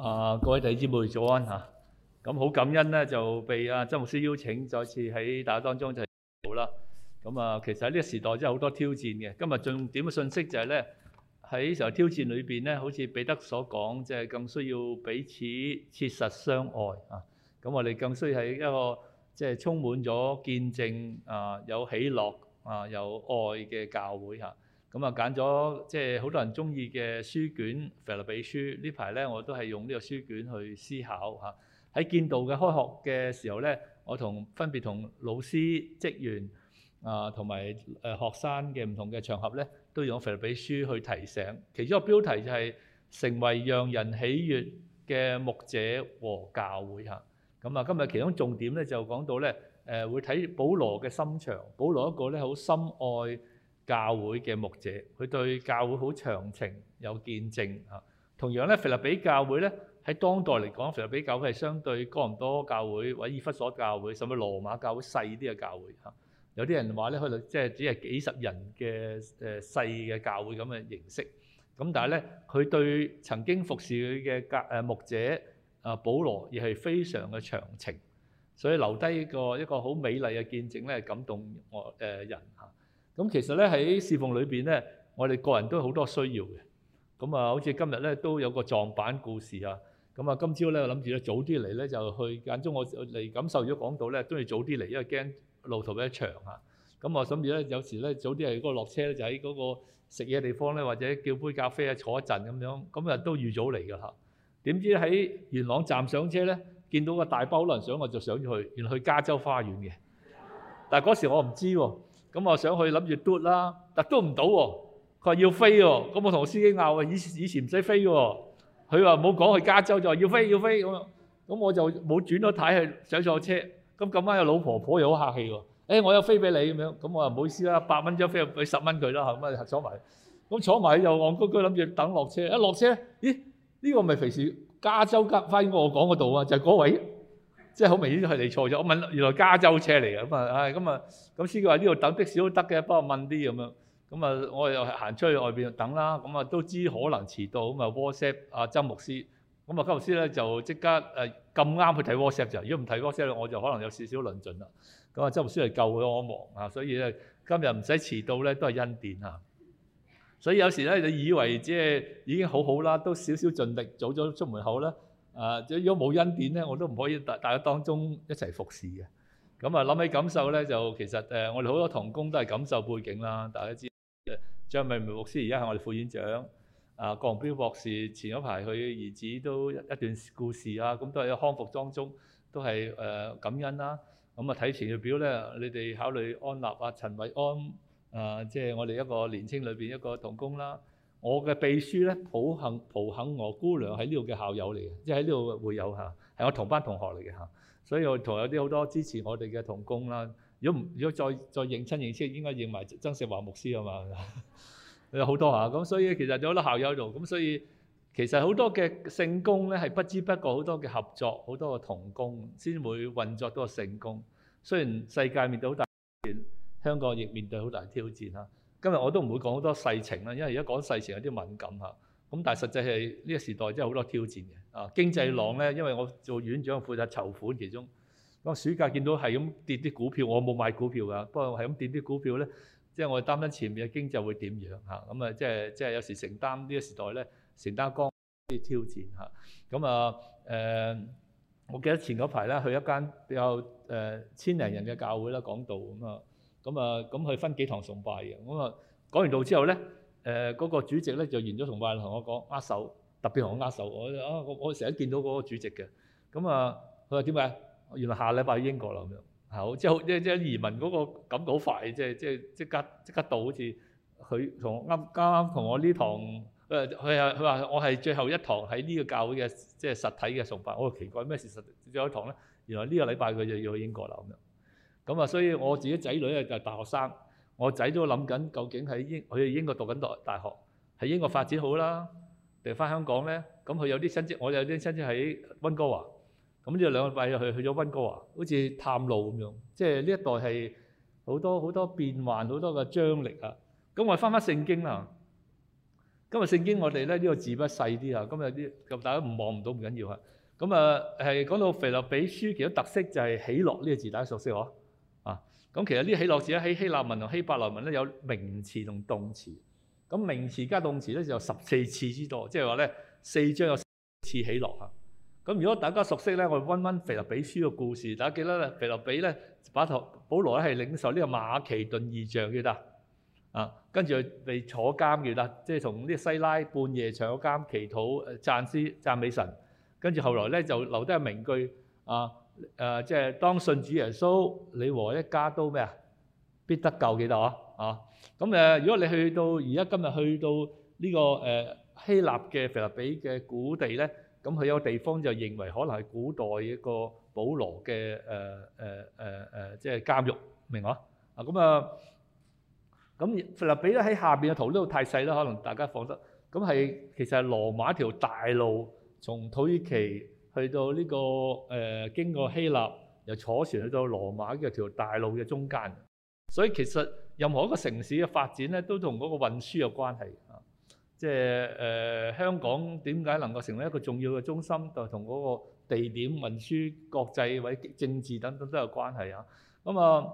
啊，各位弟兄姊妹早安嚇！咁好感恩咧，就被啊周牧師邀請，再次喺大家當中就係好啦。咁啊，其實喺呢個時代真係好多挑戰嘅。今日重點嘅信息就係咧，喺成日挑戰裏邊咧，好似彼得所講，即係更需要彼此切實相愛啊。咁我哋更需要喺一個即係充滿咗見證啊，有喜樂啊，有愛嘅教會嚇。咁啊，揀咗即係好多人中意嘅書卷《腓立比書》呢排咧，我都係用呢個書卷去思考嚇。喺建道嘅開學嘅時候咧，我同分別同老師、職員啊同埋誒學生嘅唔同嘅場合咧，都用《腓立比書》去提醒。其中個標題就係成為讓人喜悅嘅牧者和教會嚇。咁啊，今日其中重點咧就講到咧誒，會睇保羅嘅心腸。保羅一個咧好深愛教會嘅牧者，佢對教會好長情，有見證啊。同樣咧，腓立比教會咧喺當代嚟講，腓立比教會係相對哥林多教會、以弗所教會甚至羅馬教會細啲嘅教會嚇。有啲人話咧，佢就即係只係幾十人嘅誒細嘅教會咁嘅形式。咁但係咧，佢對曾經服侍佢嘅教誒牧者啊保羅，亦係非常嘅長情，所以留低一個一個好美麗嘅見證咧，感動我誒人嚇。咁其實咧喺侍奉裏邊咧，我哋個人都好多需要嘅。咁啊，好似今日咧都有個撞板故事啊。咁啊，今朝咧我諗住咧早啲嚟咧就去，間中我嚟感受咗港島咧都要早啲嚟，因為驚路途比較長啊。咁啊，諗住咧有時咧早啲係嗰個落車咧就喺嗰個食嘢地方咧，或者叫杯咖啡啊，坐一陣咁樣，咁啊都預早嚟㗎吓。點知喺元朗站上車咧，見到個大包，好多人想我就想去，原來去加州花園嘅，但係嗰時我唔知喎。咁我想去諗住嘟啦，但嘟唔到喎。佢話要飛喎，咁我同司機拗啊，以以前唔使飛喎。佢話冇講去加州，就話要飛要飛咁樣。咁我就冇轉咗睇去上錯車。咁咁啱有老婆婆又好客氣喎。誒，我有飛俾你咁樣。咁我話唔好意思啦，百蚊張飛俾十蚊佢啦，咁咪坐埋。咁坐埋又戇居居諗住等落車。一落車，咦？呢個咪肥事？加州吉翻我講嗰度啊，就嗰位。即係好明顯佢哋錯咗，我問原來加州車嚟嘅。咁、哎、啊，唉，咁啊，咁司機話呢度等的士都得嘅，幫我問啲咁樣，咁啊，我又行出去外邊等啦，咁啊都知可能遲到，咁 Wh 啊 WhatsApp 阿周牧師，咁啊周牧師咧就即刻誒咁啱去睇 WhatsApp 啫，Wh App，如果唔睇 WhatsApp 我就可能有少少論盡啦。咁啊，周牧師係救咗我一忙啊，所以咧今日唔使遲到咧都係恩典啊。所以有時咧你以為即係已經好好啦，都少少盡力，早咗出門口啦。啊！即如果冇恩典咧，我都唔可以大大家當中一齊服侍嘅。咁啊，諗起感受咧，就其實誒、啊，我哋好多同工都係感受背景啦。大家知道、啊、張美梅牧師而家係我哋副院長，啊，郭洪彪博士前一排佢兒子都一,一段故事啊，咁都喺康復當中，都係誒、啊、感恩啦。咁啊，睇前日表咧，你哋考慮按立啊、陳偉安啊，即係我哋一個年青裏邊一個同工啦。我嘅秘書咧，抱幸蒲肯娥姑娘喺呢度嘅校友嚟嘅，即係喺呢度會友，嚇，係我同班同學嚟嘅嚇。所以我同有啲好多支持我哋嘅同工啦。如果唔如果再再認親認戚，應該認埋曾石華牧師啊嘛。好 多嚇，咁所以其實有好多校友喺度，咁所以其實好多嘅聖工咧係不知不覺好多嘅合作，好多嘅同工先會運作到聖工。雖然世界面對好大，香港亦面對好大挑戰嚇。今日我都唔會講好多世情啦，因為而家講世情有啲敏感嚇。咁但係實際係呢、這個時代真係好多挑戰嘅。啊，經濟浪咧，因為我做院長負責籌款，其中我暑假見到係咁跌啲股票，我冇買股票㗎。不過係咁跌啲股票咧，即、就、係、是、我擔心前面嘅經濟會點樣嚇。咁啊、就是，即係即係有時承擔呢、這個時代咧，承擔光啲挑戰嚇。咁啊，誒、呃，我記得前嗰排咧去一間比較誒千零人嘅教會啦講道。咁啊。咁啊，咁佢、嗯嗯嗯、分幾堂崇拜嘅。咁、嗯、啊，講完道之後咧，誒、呃、嗰、那個主席咧就完咗崇拜，同我講握手，特別同我握手。我啊，我成日見到嗰個主席嘅。咁、嗯、啊，佢話點解？原來下禮拜去英國啦咁樣。好，即係即係移民嗰個感覺好快，就是、即係即係即刻即刻到，好似佢同啱啱啱同我呢堂，佢話佢話佢話我係最後一堂喺呢個教會嘅，即、就、係、是、實體嘅崇拜。我、哦、奇怪咩事實最後一堂咧？原來呢個禮拜佢就要去英國啦咁樣。咁啊，所以我自己仔女咧就係大學生，我仔都諗緊究竟喺英佢喺英國讀緊大大學，喺英國發展好啦，定翻香港咧？咁佢有啲親戚，我有啲親戚喺溫哥華，咁呢兩日快又去去咗溫哥華，好似探路咁樣。即係呢一代係好多好多變幻，好多嘅張力啊！咁我翻翻聖經啦。今日聖經我哋咧呢個字筆細啲啊，今日啲咁大家望唔到唔緊要啊。咁啊係講到腓立比書，其中特色就係喜樂呢個字，大家熟悉嗬。咁其實呢喜樂字咧喺希臘文同希伯來文咧有名詞同動詞，咁名詞加動詞咧就有十四次之多，即係話咧四章有次喜樂嚇。咁如果大家熟悉咧，我哋温温腓立比書嘅故事，大家記得咧腓立比咧把頭保羅咧係領受呢個馬其頓異象嘅得啊，跟住佢被坐監嘅啦，即係同呢啲西拉半夜上咗監祈禱誒讚詩讚美神，跟住後來咧就留低個名句啊。誒即係當信主耶穌，你和一家都咩啊？必得救幾多啊？哦，咁誒，如果你去到而家今日去到呢個誒希臘嘅腓立比嘅古地咧，咁佢有個地方就認為可能係古代一個保羅嘅誒誒誒誒，即係監獄，明唔明啊？啊咁啊，咁腓立比咧喺下邊嘅圖呢度太細啦，可能大家放得，咁係其實係羅馬一條大路，從土耳其。去到呢個誒，經過希臘，又坐船去到羅馬，跟住條大路嘅中間。所以其實任何一個城市嘅發展咧，都同嗰個運輸有關係啊。即係誒，香港點解能夠成為一個重要嘅中心，就係同嗰個地點、運輸、國際或者政治等等都有關係啊。咁啊，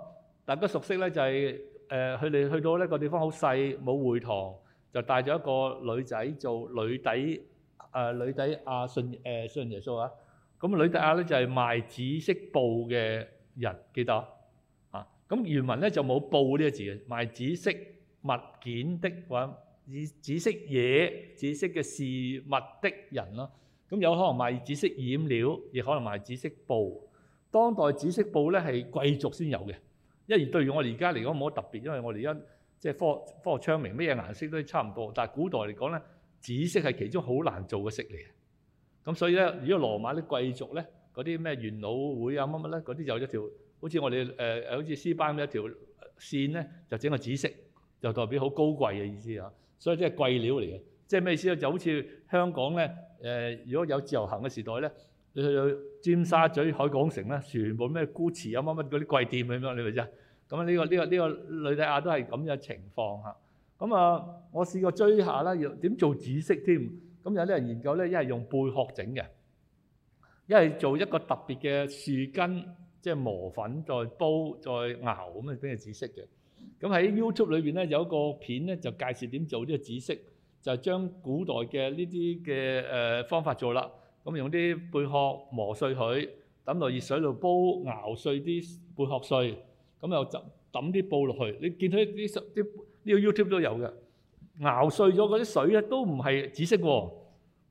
大家熟悉咧就係誒，佢哋去到呢個地方好細，冇會堂，就帶咗一個女仔做女底。誒女仔阿信誒信耶穌啊，咁女仔阿咧就係賣紫色布嘅人，記得啊？嚇，咁原文咧就冇布呢個字嘅，賣紫色物件的話，以紫色嘢、紫色嘅事物的人咯。咁有可能賣紫色染料，亦可能賣紫色布。當代紫色布咧係貴族先有嘅，因而對於我哋而家嚟講，冇乜特別，因為我哋而家即係科學昌明，咩顏色都差唔多。但係古代嚟講咧。紫色係其中好難做嘅色嚟嘅，咁所以咧，如果羅馬啲貴族咧，嗰啲咩元老會啊乜乜咧，嗰啲就有一條，好似我哋誒誒好似絲班的一條線咧，就整個紫色，就代表好高貴嘅意思啊，所以即係貴料嚟嘅，即係咩意思咧？就好似香港咧，誒、呃、如果有自由行嘅時代咧，你去尖沙咀海港城啦，全部咩高級啊乜乜嗰啲貴店咁樣，你明唔明啊？咁呢、這個呢、這個呢、這個呂底亞都係咁嘅情況嚇。咁啊，我試過追下啦，點做紫色添？咁有啲人研究咧，一係用貝殼整嘅，一係做一個特別嘅樹根，即係磨粉再煲再熬咁啊，變成紫色嘅。咁喺 YouTube 裏邊咧，有一個片咧，就介紹點做呢個紫色，就將古代嘅呢啲嘅誒方法做啦。咁用啲貝殼磨碎佢，揼落熱水度煲，熬碎啲貝殼碎，咁又揼揼啲布落去。你見到啲啲。呢個 YouTube 都有嘅，熬碎咗嗰啲水咧都唔係紫色喎，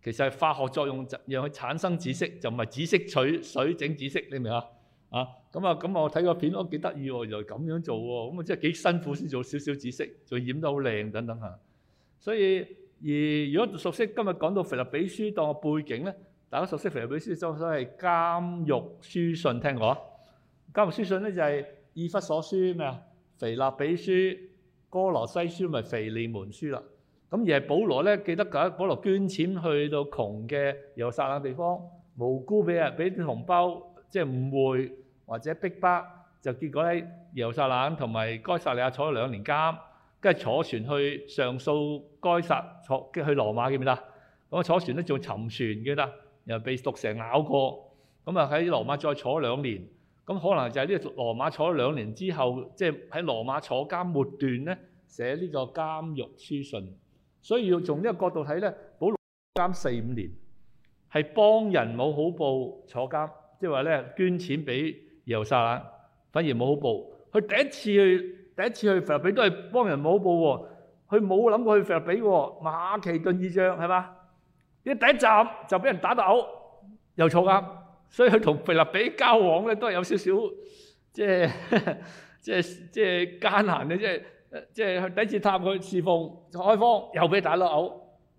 其實係化學作用就讓佢產生紫色，就唔係紫色取水整紫色，你明啊？啊咁啊咁，我睇個片都幾得意喎，原來咁樣做喎，咁啊真係幾辛苦先做少少紫色，就染得好靚等等嚇。所以而如果熟悉今日講到腓立比書當個背景咧，大家熟悉腓立比書就係監獄書信，聽過？監獄書信咧就係以弗所書咩啊？腓立比書。哥羅西書咪腓利門書啦，咁而係保羅咧，記得嗰保羅捐錢去到窮嘅耶路撒冷地方，無辜俾人俾啲紅包，即係誤會或者逼迫，就結果喺耶路撒冷同埋該撒利亞坐咗兩年監，跟住坐船去上訴該撒，坐即係去羅馬，記唔記得？咁啊坐船咧仲沉船嘅啦，又被毒蛇咬過，咁啊喺羅馬再坐兩年。咁可能就係呢個羅馬坐咗兩年之後，即係喺羅馬坐監末段咧，寫呢個監獄書信。所以要從呢個角度睇咧，保羅監四五年係幫人冇好報坐監，即係話咧捐錢俾耶路撒冷反而冇好報。佢第一次去第一次去腓立比都係幫人冇好報喎，佢冇諗過去腓立比喎。馬其頓異象係嘛？一第一站就俾人打到，又坐監。嗯所以佢同腓立比交往呢，都係有少少即係即係艱難嘅，即係即係第一次探佢侍奉、開荒，又俾打到嘔，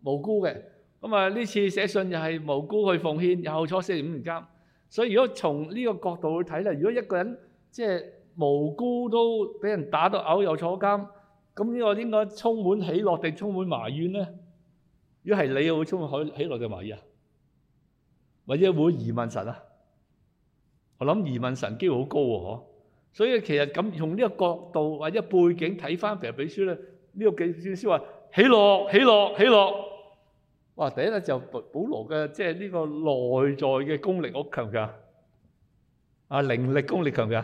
無辜嘅。咁啊呢次寫信又係無辜去奉獻，又坐四、五年監。所以如果從呢個角度去睇呢，如果一個人即係無辜都俾人打到嘔又坐監，咁呢個應該充滿喜樂定充滿埋怨呢？如果係你，會充滿喜喜樂定埋怨啊？或者會疑問神啊？我諗疑問神機會好高喎，所以其實咁從呢個角度或者背景睇翻《腓立比書呢》咧，呢個記書書話起落起落起落，哇！第一咧就是，保羅嘅即係呢個內在嘅功力，強唔強？啊，靈力功力強唔強？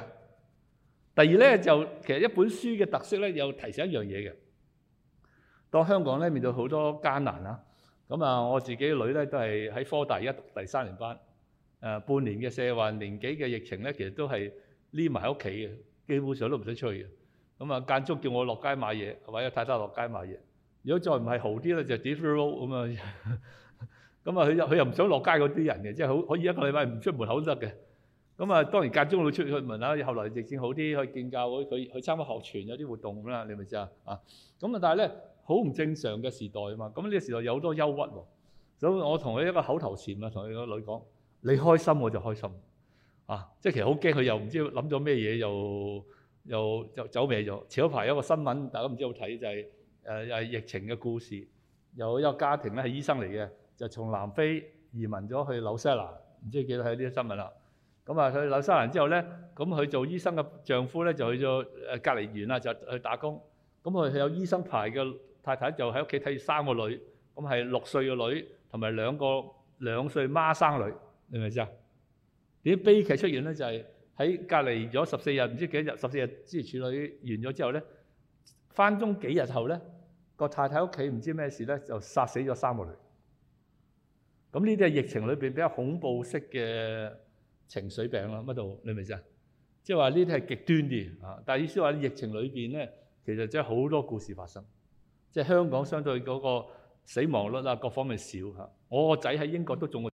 第二咧就其實一本書嘅特色咧，又提醒一樣嘢嘅。當香港咧面對好多艱難啦。咁啊，我自己的女咧都係喺科大一讀第三年班，誒、啊、半年嘅社運年幾嘅疫情咧，其實都係匿埋喺屋企嘅，基本上都唔使出去嘅。咁啊，間中叫我落街買嘢，或者太太落街買嘢。如果再唔係好啲咧，就 d i f 咁啊。咁 啊，佢又佢又唔想落街嗰啲人嘅，即係好可以一個禮拜唔出門口都得嘅。咁啊，當然間中會出去問下。後來逐漸好啲，去見教會，去去參加學團有啲活動咁啦，你咪知啊。啊，咁啊，但係咧。好唔正常嘅時代啊嘛，咁呢個時代有好多憂鬱喎、啊，所以我同佢一個口頭禪啊，同佢個女講：你開心我就開心。啊，即係其實好驚，佢又唔知諗咗咩嘢，又又又走歪咗。前一排有個新聞，大家唔知有冇睇？就係、是、誒、啊、又係疫情嘅故事，有一個家庭咧係醫生嚟嘅，就從南非移民咗去紐西蘭，唔知記得睇呢啲新聞啦。咁啊去紐西蘭之後咧，咁佢做醫生嘅丈夫咧就去咗誒隔離園啦，就去打工。咁佢係有醫生牌嘅。太太就喺屋企睇住三個女，咁係六歲嘅女同埋兩個兩歲孖生女，你明唔明先啊？點悲劇出現咧？就係、是、喺隔離咗十四日，唔知幾多日十四日之後處理完咗之後咧，翻工幾日後咧，個太太屋企唔知咩事咧，就殺死咗三個女。咁呢啲係疫情裏邊比較恐怖式嘅情緒病咯，乜都，你明唔明先啊？即係話呢啲係極端啲啊，但係意思話疫情裏邊咧，其實真係好多故事發生。即係香港相對嗰個死亡率啊，各方面少嚇。我個仔喺英國都中過，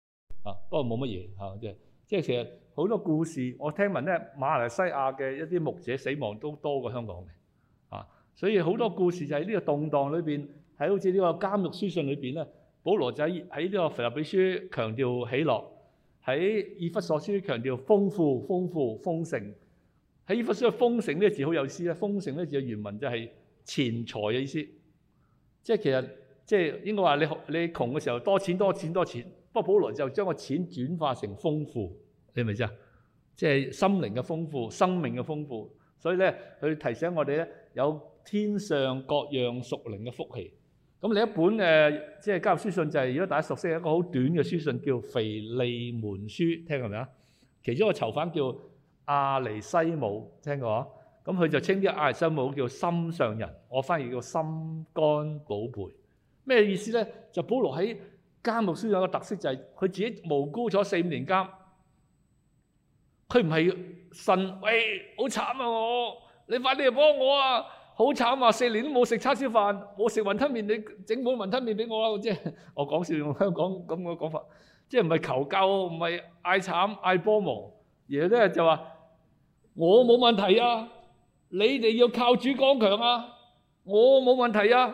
嚇不過冇乜嘢嚇。即係即係其實好多故事，我聽聞咧馬來西亞嘅一啲牧者死亡都多過香港嘅。啊，所以好多故事就喺呢個動盪裏邊，喺好似呢個監獄書信裏邊咧，保羅仔喺呢個腓立比書強調喜樂，喺以弗所書強調豐富、豐富、豐盛，喺以弗所書豐盛呢個字好有意思咧，豐盛呢字嘅原文就係錢財嘅意思。即係其實，即係應該話你窮，你窮嘅時候多錢多錢多錢。不過保羅就將個錢轉化成豐富，你明唔明啊？即係心靈嘅豐富，生命嘅豐富。所以咧，佢提醒我哋咧，有天上各樣屬靈嘅福氣。咁另一本誒，即係教會書信就係如果大家熟悉一個好短嘅書信，叫《腓利門書》，聽過未啊？其中一個囚犯叫阿尼西姆，聽過啊？咁佢就稱啲亞西母叫心上人，我反而叫心肝寶貝。咩意思咧？就保羅喺監獄書有個特色，就係佢自己無辜坐四五年監，佢唔係呻，喂，好慘啊我，你快啲嚟幫我啊！好慘啊，四年都冇食叉燒飯，冇食雲吞麵，你整碗雲吞麵俾我啦！即 係我笑講笑用香港咁個講法，即係唔係求救，唔係嗌慘嗌幫忙，而係咧就話我冇問題啊！你哋要靠主剛強啊！我冇問題啊！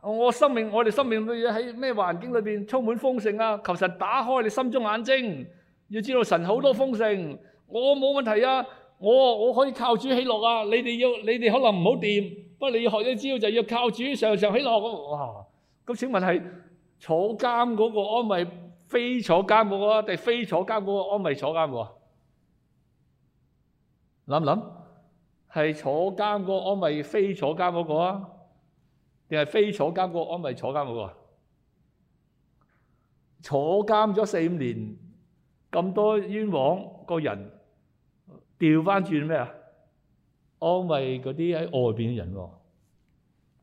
吓，我生命我哋生命要喺咩環境裏面充滿豐盛啊！求神打開你心中眼睛，要知道神好多豐盛。我冇問題啊！我我可以靠主喜樂啊！你哋要你哋可能唔好掂，不過你要學嘢，只要就要靠主常常喜樂啊。哇！咁請問係坐監嗰個安慰，非坐監，嗰個定非坐監嗰個安慰坐監個？諗諗。係坐監嗰個安慰非坐監嗰個啊？定係非坐監嗰個安慰坐監嗰個啊？坐監咗四五年咁多冤枉的人，個人調翻轉咩啊？安慰嗰啲喺外邊嘅人喎。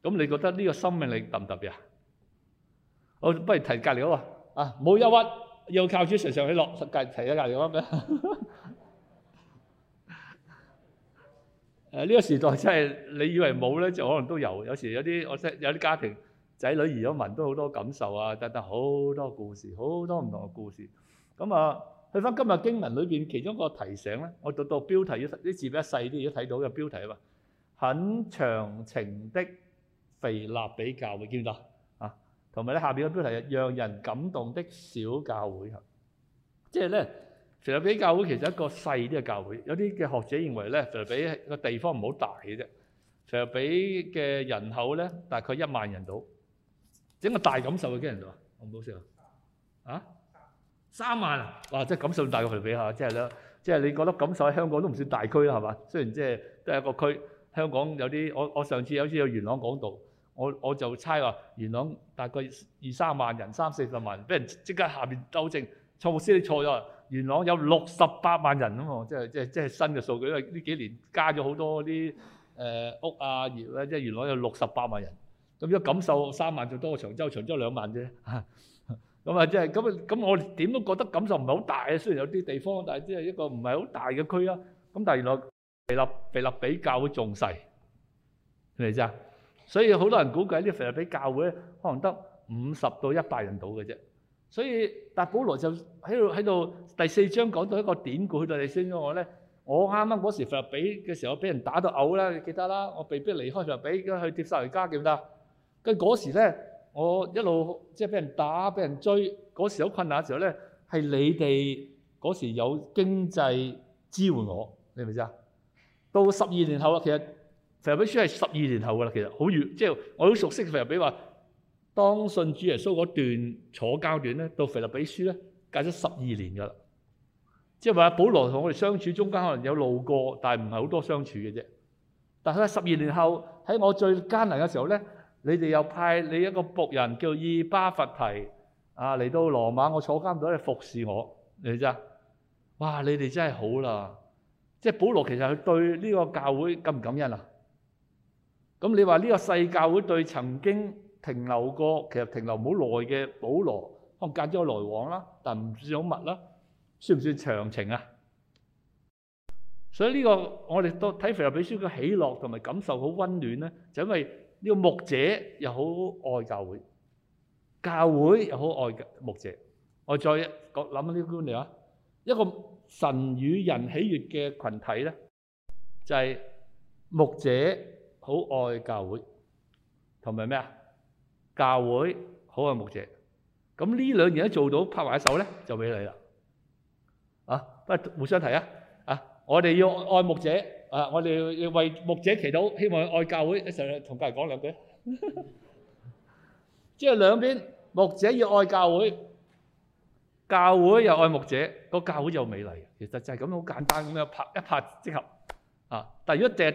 咁你覺得呢個生命力特唔特別啊？我不如提隔籬嗰個啊，冇憂鬱，要靠主常常去落。提隔提一隔籬嗰個。 誒呢個時代真係你以為冇咧，就可能都有。有時有啲，我識有啲家庭仔女移咗民，都好多感受啊，等等好多故事，好多唔同嘅故事。咁啊，去翻今日經文裏邊其中一個提醒咧，我讀到標題，呢字比較細啲，都睇到嘅標題啊嘛。很長情的腓立比教會，見唔見到啊？同埋咧下邊嘅標題係讓人感動的小教會啊，即係咧。腓立比教會其實一個細啲嘅教會，有啲嘅學者認為咧，腓立比個地方唔好大嘅啫。腓立比嘅人口咧大概一萬人度，整個大感受嘅幾人度啊？講唔好笑啊！啊，三萬啊！哇，即係感受大過腓立比吓，即係咧，即係你覺得感受喺香港都唔算大區啦，係嘛？雖然即係都係一個區。香港有啲我我上次有次去元朗講道，我我就猜話元朗大概二三萬人、三四十萬人，俾人即刻下邊糾正，錯先你錯咗。元朗有六十八萬人啊嘛，即係即係即係新嘅數據，因為呢幾年加咗好多啲誒屋啊業啦，即係元朗有六十八萬人。咁一感受三萬就多過長洲，長洲兩萬啫嚇。咁啊，即係咁啊，咁我點都覺得感受唔係好大啊。雖然有啲地方，但係即係一個唔係好大嘅區啊。咁但係原來腓立比腓立比教會仲細，係咪先啊？所以好多人估計呢，腓立比教會可能得五十到一百人到嘅啫。所以，但係保羅就喺度喺度第四章講到一個典故去對你宣揚我咧。我啱啱嗰時腓立比嘅時候，我俾人打到嘔啦，你記得啦。我被迫離開腓立比，跟住去帖撒羅尼迦，記唔得。跟嗰時咧，我一路即係俾人打、俾人追，嗰時好困難嘅時候咧，係你哋嗰時有經濟支援我，你明唔明啊？到十二年後啊，其實腓立比書係十二年後噶啦，其實好遠，即係我好熟悉腓立比話。當信主耶穌嗰段坐監段咧，到腓立比書咧，隔咗十二年㗎喇。即係話，保羅同我哋相處中間可能有路過，但係唔係好多相處嘅啫。但係十二年後喺我最艱難嘅時候咧，你哋又派你一個僕人叫以巴弗提啊嚟到羅馬，我坐監度嚟服侍我嚟咋？哇！你哋真係好啦。即係保羅其實佢對呢個教會感唔感恩啊？咁你話呢個世教會對曾經停留過，其實停留唔好耐嘅保羅，可能隔咗來往啦，但唔算好密啦，算唔算長情啊？所以呢個我哋都睇《腓立比書》嘅喜樂同埋感受好溫暖咧，就因為呢個牧者又好愛教會，教會又好愛嘅牧者。我再講諗下呢個觀念啊，一個神與人喜悅嘅羣體咧，就係牧者好愛教會，同埋咩啊？教會好愛牧者，咁呢兩樣一做到，拍埋手咧就美麗啦，啊，不過互相提啊，啊，我哋要愛牧者，啊，我哋要為牧者祈禱，希望愛教會，一上同教人講兩句，即係兩邊牧者要愛教會，教會又愛牧者，個教會又美麗，其實就係咁樣好簡單咁樣拍一拍即合，啊，但係如果只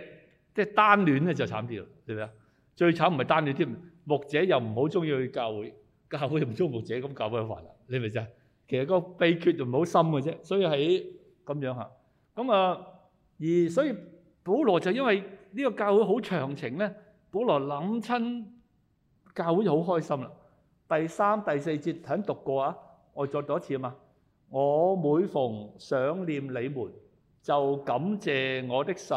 即係單戀咧就慘啲啦，知唔知啊？最慘唔係單戀添。牧者又唔好中意去教會，教會又唔中意牧者，咁教佢佛啦。你明唔明？其實個秘訣就唔好深嘅啫。所以喺咁樣吓，咁啊，而所以保羅就因為呢個教會好長情咧，保羅諗親教會就好開心啦。第三、第四節睇下讀過啊，我再讀一次啊嘛。我每逢想念你們，就感謝我的神；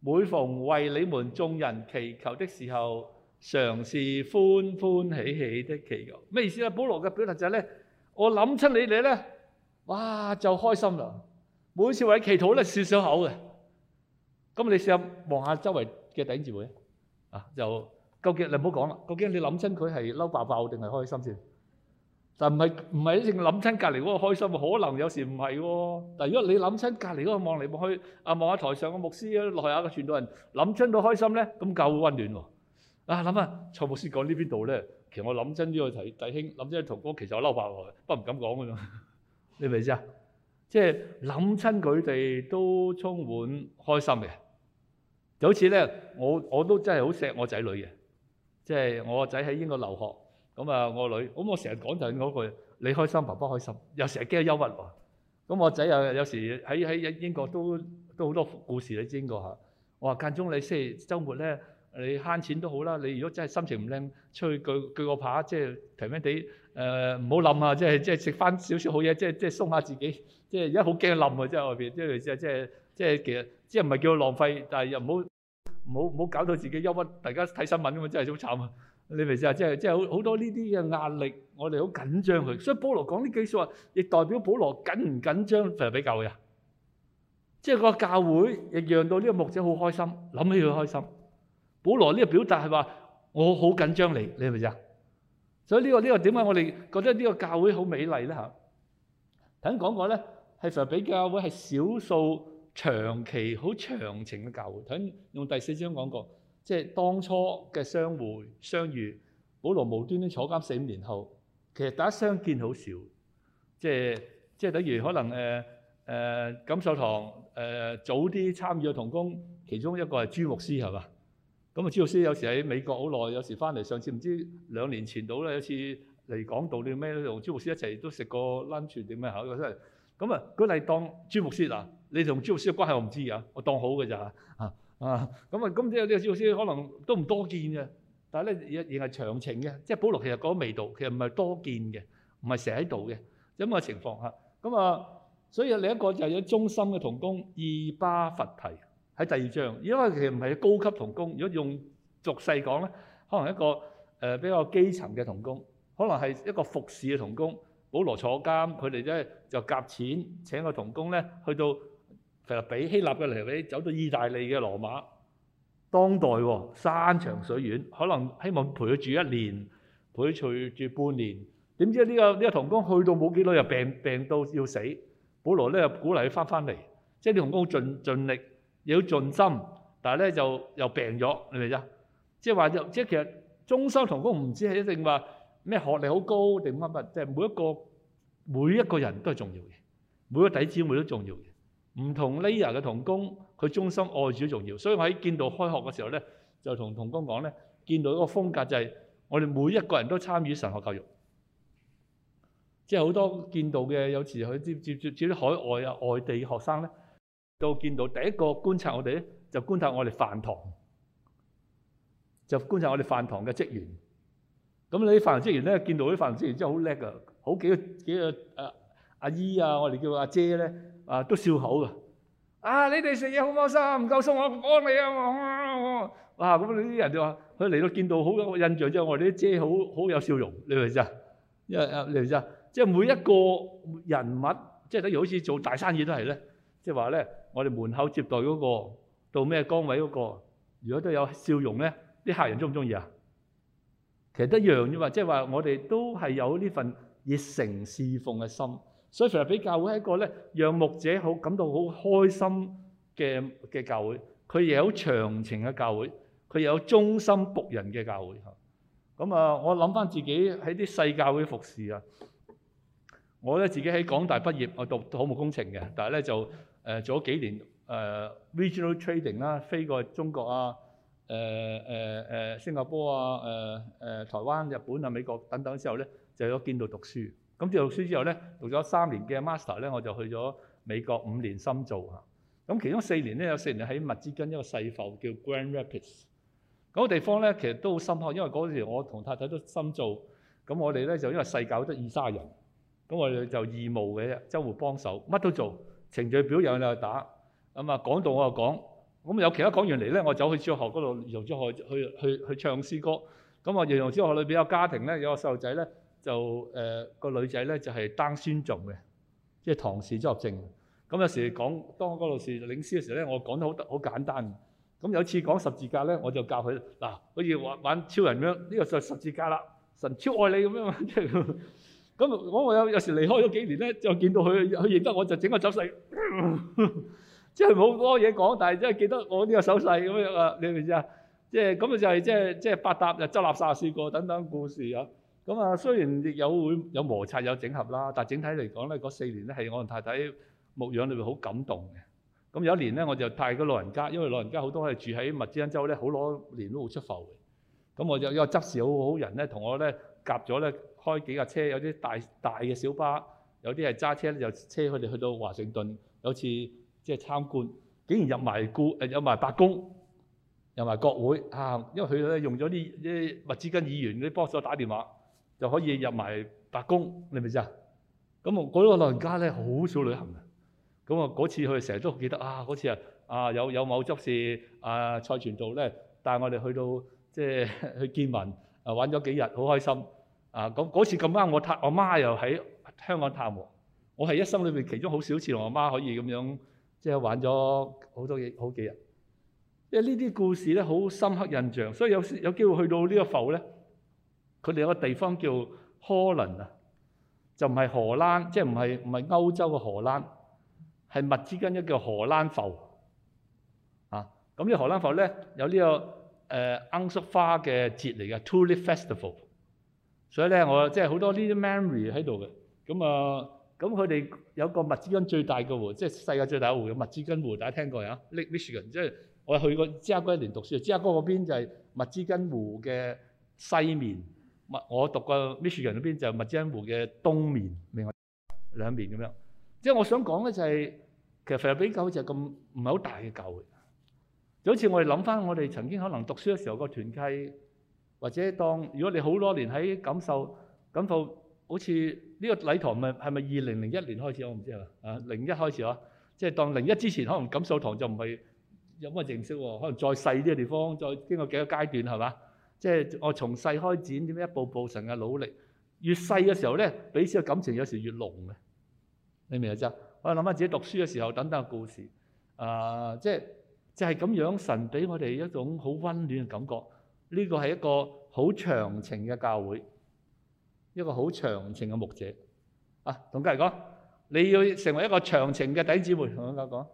每逢為你們眾人祈求的時候。嘗試歡歡喜喜的祈求，咩意思啊？保羅嘅表達就係咧，我諗親你哋咧，哇就開心啦。每次我喺祈禱咧，笑笑口嘅。咁你試下望下周圍嘅頂住會啊，就究竟你唔好講啦。究竟你諗親佢係嬲爆爆定係開心先？但唔係唔係一定諗親隔籬嗰個開心啊？可能有時唔係喎。但如果你諗親隔籬嗰個望嚟望去啊，望下台上嘅牧師啊，台下嘅傳道人諗親到開心咧，咁夠溫暖喎。啊，諗啊，蔡牧師講呢邊度咧，其實我諗真呢個弟弟兄，諗真係同哥其實我嬲白喎，不過唔敢講噶咋， 你明唔明啫？即係諗親佢哋都充滿開心嘅，就好似咧，我我都真係好錫我仔女嘅，即係我個仔喺英國留學，咁啊我個女，咁我成日講就係嗰句，你開心，爸爸開心，又成日驚佢憂鬱。咁我仔又有時喺喺英國都都好多故事，你知英國嚇，我話間中你星期周末咧。你慳錢都好啦。你如果真係心情唔靚，出去鋸鋸個扒，即係平平地誒唔好冧啊！即係即係食翻少少好嘢，即係即係鬆下自己。即係而家好驚冧啊！即係外邊，即係即係即係，其實即係唔係叫浪費，但係又唔好唔好唔好搞到自己憂鬱。大家睇新聞嘅嘛，真係好慘啊！你咪知啊，即係即係好好多呢啲嘅壓力，我哋好緊張佢。所以保羅講呢幾句說話，亦代表保羅緊唔緊張嚟俾教會，即係個教會亦讓到呢個牧者好開心，諗起佢開心。保羅呢個表達係話我好緊張你，你係咪啫？所以呢、呢個呢個點解我哋覺得呢個教會好美麗咧吓？頭先講過咧，係腓立比教會係少數長期好長情嘅教會。頭先用第四章講過，即係當初嘅相會相遇，保羅無端端坐監四五年後，其實大家相見好少。即係即係等於可能誒誒錦繡堂誒、呃、早啲參與嘅同工，其中一個係朱牧師係嘛？是吧咁啊，朱老師有時喺美國好耐，有時翻嚟。上次唔知兩年前到咧，有次嚟港道定咩咧，同朱牧師一齊都食過 lunch 點咩考咗真嚟。咁啊，佢嚟當朱牧師啊？你同朱牧師嘅關係我唔知啊，我當好嘅咋嚇啊啊！咁即咁呢個朱老師可能都唔多見嘅，但係咧仍係長情嘅。即係保羅其實講未到，其實唔係多見嘅，唔係成日喺度嘅，咁嘅情況嚇。咁啊，所以另一個就有忠心嘅同工以巴弗提。喺第二章，因為其實唔係高級童工，如果用俗世講咧，可能係一個誒比較基層嘅童工，可能係一個服侍嘅童工。保羅坐監，佢哋咧就夾錢請個童工咧去到其實比如希臘嘅嚟嚟，走到意大利嘅羅馬，當代喎山長水遠，可能希望陪佢住一年，陪佢住住半年。點知呢個呢個童工去到冇幾耐又病病到要死，保羅咧又鼓勵佢翻翻嚟，即係啲童工盡盡力，有盡心，但係咧就又病咗，你咪啫？即係話，即係其實忠心同工唔知係一定話咩學歷好高定乜乜，即係每一個每一個人都係重要嘅，每個弟姊妹都重要嘅。唔同 layer 嘅同工，佢忠心愛主重要。所以我喺建道開學嘅時候咧，就同同工講咧，建道一個風格就係我哋每一個人都參與神學教育，即係好多建道嘅有時佢接接接啲海外啊外地學生咧。到見到第一個觀察我哋，我哋咧就觀察我哋飯堂，就觀察我哋飯堂嘅職員。咁你飯堂職員咧，見到啲飯堂職員真係好叻噶，好幾個幾個阿、啊、阿姨啊，我哋叫阿姐咧，啊都笑口噶。啊，你哋食嘢好開心，唔夠餸我幫你啊！啊啊哇，咁你啲人就話，佢嚟到見到好有印象之後，我哋啲姐好好有笑容，你明唔明啫？因為你明唔明啫？即係每一個人物，即係等於好似做大生意都係咧，即係話咧。我哋門口接待嗰個到咩崗位嗰個，如果都有笑容咧，啲客人鍾唔鍾意啊？其實一樣啫嘛，即係話我哋都係有呢份熱誠侍奉嘅心，所以成日俾教會係一個咧，讓牧者好感到好開心嘅嘅教會，佢亦有長情嘅教會，佢又有忠心僕人嘅教會。咁啊，我諗翻自己喺啲細教會服侍啊，我咧自己喺港大畢業，我讀土木工程嘅，但係咧就誒、呃、做咗幾年誒、呃、regional trading 啦，飛過中國啊、誒誒誒新加坡啊、誒、呃、誒、呃、台灣、日本啊、美國等等之後咧，就喺咗堅度讀書。咁之後讀書之後咧，讀咗三年嘅 master 咧，我就去咗美國五年深造嚇。咁、嗯、其中四年咧，有四年喺密芝根一個細埠叫 Grand Rapids，嗰個地方咧其實都好深刻，因為嗰時我同太太都深造，咁我哋咧就因為細教得二三十人，咁我哋就義務嘅啫，週末幫手，乜都做。程序表有你去打，咁啊講到我就講，咁有其他講員嚟咧，我走去小學嗰度，然後小學去去去，去唱詩歌。咁我然後小學裏邊有家庭咧，有個細路仔咧，就誒、呃那個女仔咧就係、是、單宣讀嘅，即係唐氏綜合症。咁有時講當我嗰陣時領詩嘅時候咧，我講得好好簡單。咁有次講十字架咧，我就教佢嗱，好似玩玩超人咁樣，呢、這個就十字架啦，神超愛你咁樣嘛。 咁我我有有時離開咗幾年咧，就見到佢，佢認得我就整個手勢，即係冇多嘢講，但係即係記得我呢個手勢咁樣啊，你明唔明啊？即係咁啊，就係即係即係八搭執垃圾試過等等故事啊。咁啊，雖然亦有會有摩擦有整合啦，但係整體嚟講咧，嗰四年咧係我同太太牧養裏面好感動嘅。咁有一年咧，我就帶個老人家，因為老人家多人好多係住喺墨子恩州咧，好多年都冇出埠嘅。咁我就有一個執事好好人咧，同我咧夾咗咧。開幾架車，有啲大大嘅小巴，有啲係揸車咧，又車佢哋去到華盛頓。有次即係參觀，竟然入埋顧，誒入埋白宮，入埋國會。嚇、啊，因為佢哋用咗啲啲物資跟議員啲幫手打電話，就可以入埋白宮，你明唔明啊？咁啊，嗰個老人家咧好少旅行嘅。咁啊，嗰次佢哋成日都記得啊，嗰次啊，啊有有某執事啊蔡傳道咧帶我哋去到即係去見聞，啊玩咗幾日，好開心。啊！嗰次咁啱，我探我媽又喺香港探我。我係一生裏邊其中好少次同我媽可以咁樣，即係玩咗好多嘢，好幾日。因為呢啲故事咧，好深刻印象，所以有有機會去到個呢個埠咧，佢哋有個地方叫荷蘭啊，就唔係荷蘭，即係唔係唔係歐洲嘅荷蘭，係物之間一個叫荷蘭埠啊。咁呢荷蘭埠咧，有呢、呢個誒罌粟花嘅節嚟嘅，Tulip Festival。所以咧，我即係好多呢啲 memory 喺度嘅。咁啊，咁佢哋有一個密芝根最大嘅湖，即係世界最大嘅湖，密芝根湖，大家聽過呀？Lake Michigan，即係我去過芝加哥一年讀書，芝加哥嗰邊就係密芝根湖嘅西面。我讀過 Michigan 嗰邊就係密芝根湖嘅東面，另外兩面咁樣。即係我想講咧，就係其實腓立比教會好似咁唔係好大嘅教會，就好似我哋諗翻我哋曾經可能讀書嘅時候個團契。或者當如果你好多年喺感受感受，好似呢個禮堂咪係咪二零零一年開始，我唔知啊，啊零一開始啊，即係當零一之前，可能感受堂就唔係有乜認識喎，可能再細啲嘅地方，再經過幾個階段係嘛？即係我從細開始，點樣一步步神嘅努力，越細嘅時候咧，彼此嘅感情有時越濃嘅，你明唔明啫？我諗翻自己讀書嘅時候，等等嘅故事，啊，即係就係咁樣，神俾我哋一種好溫暖嘅感覺。呢個係一個好長情嘅教會，一個好長情嘅牧者啊！同家嚟講，你要成為一個長情嘅弟兄姊妹同大家講，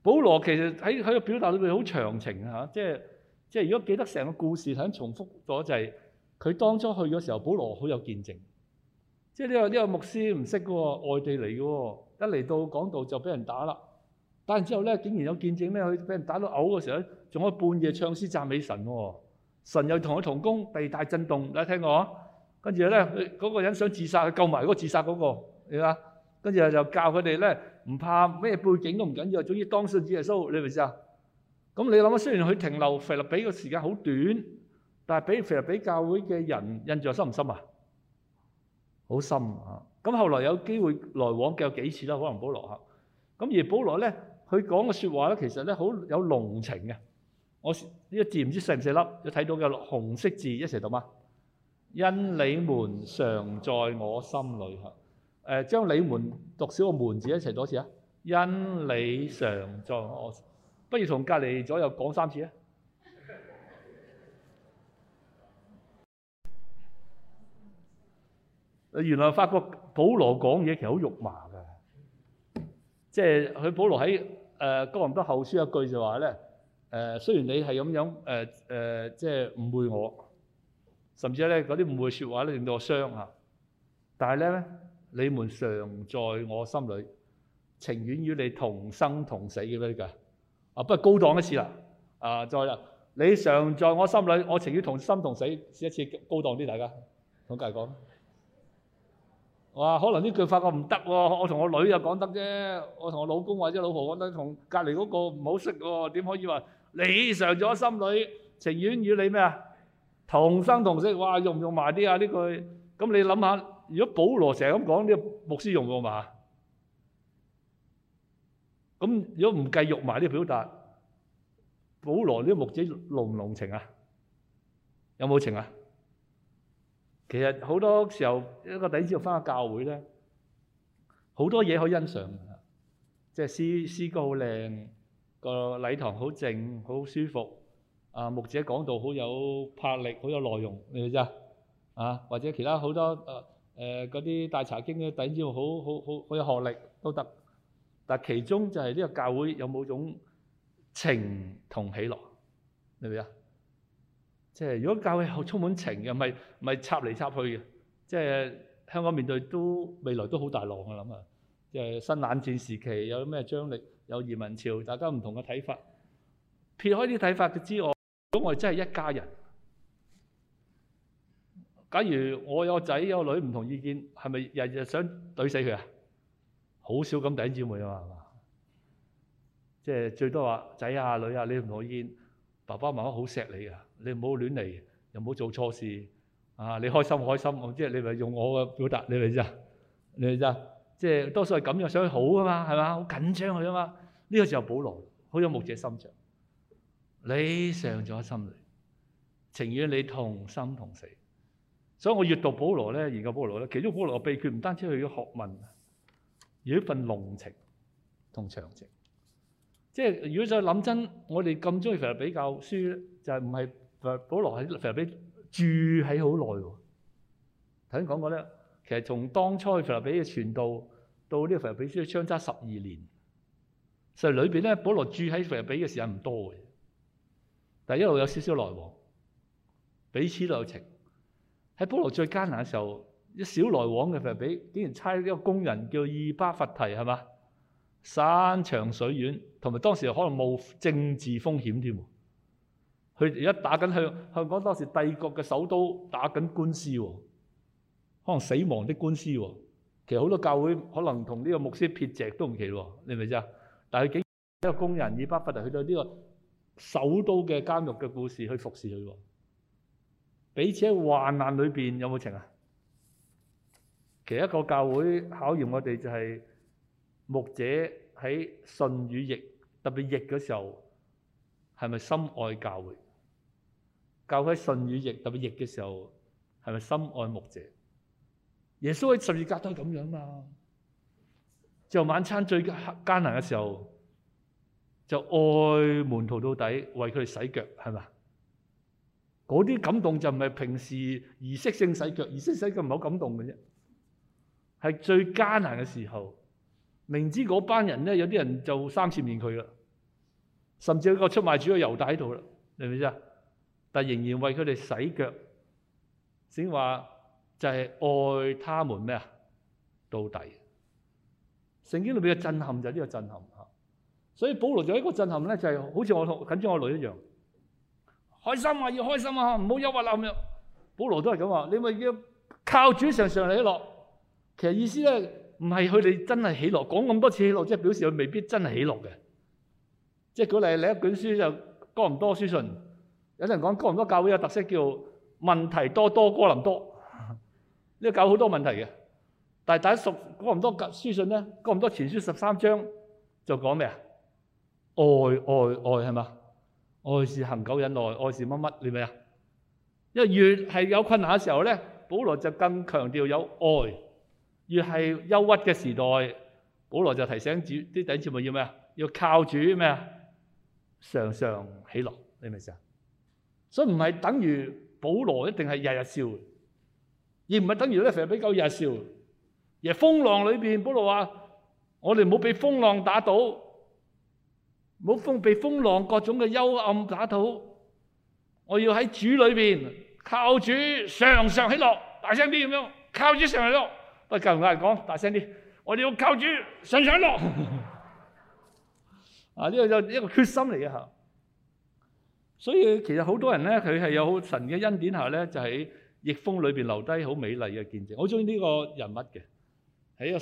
保羅其實喺喺度表達，你咪好長情啊！即係即係，如果記得成個故事，肯重複咗就係、是、佢當初去嘅時候，保羅好有見證，即係呢、這個呢、這個牧師唔識嘅喎，外地嚟嘅喎，一嚟到講道就俾人打啦。打完之後咧，竟然有見證咩？佢俾人打到嘔嘅時候咧，仲可以半夜唱詩讚美神喎、啊。神又同佢同工，地大震動，你聽我，跟住咧，嗰、那個人想自殺，救埋嗰個自殺嗰、那個，你話？跟住就教佢哋咧，唔怕咩背景都唔緊要，總之當信主耶穌，你咪知明啊？咁你諗啊，雖然佢停留腓立比嘅時間好短，但係俾腓立比，比教會嘅人印象深唔深，深啊？好深啊！咁後來有機會來往嘅有幾次啦，可能保羅啊。咁而保羅咧。佢講嘅説話其實呢好有濃情嘅。我呢個字唔知剩唔剩粒，有睇到嘅紅色字一齊讀嘛，因你們常在我心裏頭，將、呃、你們讀少個門字一齊多次啊！因你常在我心裡，不如同隔離左右講三次啊！ 原來發覺保羅講嘢其實好肉麻。即係佢，保羅喺誒哥林多後書一句就話咧，誒、呃、雖然你係咁樣誒誒、呃呃，即係誤會我，甚至咧嗰啲誤會説話咧令到我傷嚇，但係咧，你們常在我心裡，情願與你同生同死嘅咩㗎？啊，不如高檔一次啦，啊再啦，你常在我心裡，我情願同心同死，試一次高檔啲，大家好介哥。哇！可能呢句發覺唔得喎，我同我女又講得啫，我同我老公或者老婆講得，同隔離嗰個唔好識喎，點可以話你上咗心裏，情願與你咩啊？同生同死，哇！用唔用埋啲啊？呢句咁你諗下，如果保羅成日咁講呢個牧師用過嘛？咁如果唔計用埋啲表達，保羅呢個牧者濃唔濃情啊？有冇情啊？其實好多時候一個底子要返個教會咧，好多嘢可以欣賞嘅，即係詩詩歌好靚，個禮堂好靜，好舒服，啊牧者講道好有魄力，好有內容，你明唔知？啊？啊，或者其他好多誒誒嗰啲大查經嘅底子好好好好有學力都得。但其中就係呢個教會有冇種情同喜樂，你明唔明啊？即係如果教會好充滿情嘅，唔係唔係插嚟插去嘅，即係香港面對都未來都好大浪嘅諗啊！即係新冷戰時期有咩張力，有移民潮，大家唔同嘅睇法。撇開啲睇法之外，如果我真係一家人，假如我有仔有女唔同意見，係咪日日想對死佢啊？好少咁頂姊妹啊嘛，即係最多話仔啊女啊，你唔同意見，爸爸媽媽好錫你噶。你唔好亂嚟，又唔好做錯事啊！你開心唔開心，即係你咪用我嘅表達，你咪知？你咪知？即係多數係咁樣，想佢好噶嘛，係嘛？好緊張佢噶嘛？呢個就係保羅，好有牧者心腸。你上咗心嚟，情願你同生同死。所以我閱讀保羅咧，研究保羅咧，其中保羅嘅秘訣唔單止係佢嘅學問，而一份濃情同長情。即係如果再諗真，我哋咁中意成日比較書，就係唔係？保羅喺腓立比住喺好耐喎。頭先講過咧，其實從當初腓立比嘅傳道到呢個腓立比書嘅相差十二年，實在裏邊咧，保羅住喺腓立比嘅時間唔多嘅，但係一路有少少來往，彼此有情。喺保羅最艱難嘅時候，一少來往嘅腓立比，竟然差一個工人叫以巴弗提係嘛？山長水遠，同埋當時可能冇政治風險添。佢而家打緊向香港當時帝國嘅首都打緊官司喎，可能死亡的官司喎。其實好多教會可能同呢個牧師撇席都唔奇喎，你明唔明啫？但係竟然一個工人以巴弗提去到呢個首都嘅監獄嘅故事去服侍佢喎，彼此喺患難裏邊有冇情啊？其實一個教會考驗我哋就係牧者喺順與逆特別逆嘅時候係咪深愛教會？教喺順與逆，特別逆嘅時候，係咪心愛牧者？耶穌喺十字架都係咁樣嘛。就晚餐最艱難嘅時候，就愛門徒到底，為佢哋洗腳，係嘛？嗰啲感動就唔係平時儀式性洗腳，儀式洗腳唔係好感動嘅啫。係最艱難嘅時候，明知嗰班人咧，有啲人就三次面佢噶，甚至有一個出賣主嘅猶大喺度啦，明唔明先？但仍然為佢哋洗腳，聖經話就係愛他們咩啊？到底，聖經裏邊嘅震撼就呢個震撼吓。所以保羅就有一個震撼咧，就係、是、好似我同緊張我女一樣，開心啊，要開心啊，唔好憂鬱喇。保羅都係咁話，你咪要靠主上常常起落。其實意思咧，唔係佢哋真係起落，講咁多次起落，即係表示佢未必真係起落嘅。即係舉例，你一本書就多唔多書信？有人講哥林多教會有特色，叫問題多多哥林多，呢個教好多問題嘅。但係大家熟哥林多書信咧，哥林多前書十三章就講咩啊？愛愛愛係嘛？愛是恒久忍耐，愛是乜乜？你明唔明啊？因為越係有困難嘅時候咧，保羅就更強調有愛；越係憂鬱嘅時代，保羅就提醒主啲弟兄們要咩啊？要靠住咩啊？常常喜樂。你明唔明啊？所以唔係等於保羅一定係日日笑，而唔係等於咧成日俾狗日笑。而係風浪裏邊，保羅話：我哋唔好俾風浪打倒，唔好風俾風浪各種嘅幽暗打倒。我要喺主裏邊靠主上上起落，大聲啲咁樣靠主上上起落。喂，夠唔夠人講，大聲啲！我哋要靠主上上落。啊，呢個就一個決心嚟嘅嚇。所以其實好多人咧，佢係有神嘅恩典下咧，就喺逆風裏邊留低好美麗嘅見證。我好中意呢個人物嘅，係一個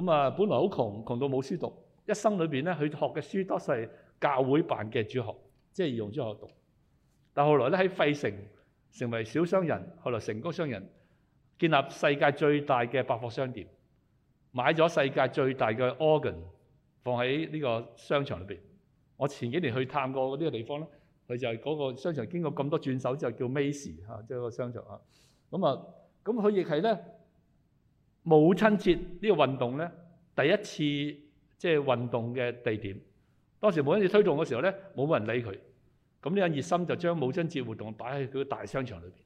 咁啊，本來好窮，窮到冇書讀，一生裏邊咧，佢學嘅書多數係教會辦嘅主學，即係用書學讀。但後來咧喺費城成為小商人，後來成個商人，建立世界最大嘅百貨商店，買咗世界最大嘅 organ 放喺呢個商場裏邊。我前幾年去探過呢個地方咧，佢就係嗰個商場經過咁多轉手之後叫 Macy 嚇，即係個商場嚇。咁啊，咁佢亦係咧母親節呢個運動咧第一次即係運動嘅地點。當時母親節推動嘅時候咧，冇人理佢。咁呢個熱心就將母親節活動擺喺佢個大商場裏邊，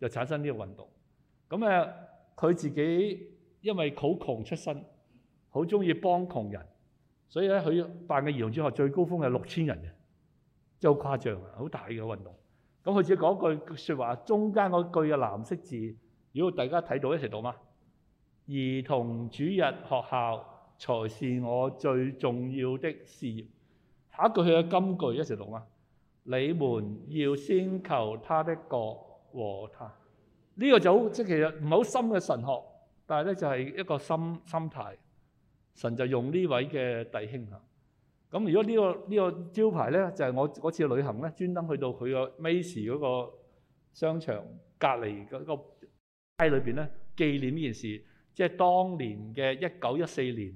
就產生呢個運動。咁啊，佢自己因為好窮出身，好中意幫窮人。所以咧，佢辦嘅兒童主日學最高峰係六千人嘅，真係好誇張啊，好大嘅運動。咁佢自己講句說話，中間嗰句嘅藍色字，如果大家睇到一齊讀吖？兒童主日學校才是我最重要的事業。下一句佢嘅金句一齊讀吖？你們要先求他的國和他。呢、這個就即、就是、其實唔係好深嘅神學，但係咧就係一個心心態。神就用呢位嘅弟兄啊，咁如果呢個呢個招牌咧，就係我嗰次旅行咧，專登去到佢個 Macy 嗰個商場隔離嗰個街裏邊咧，紀念呢件事。即係當年嘅一九一四年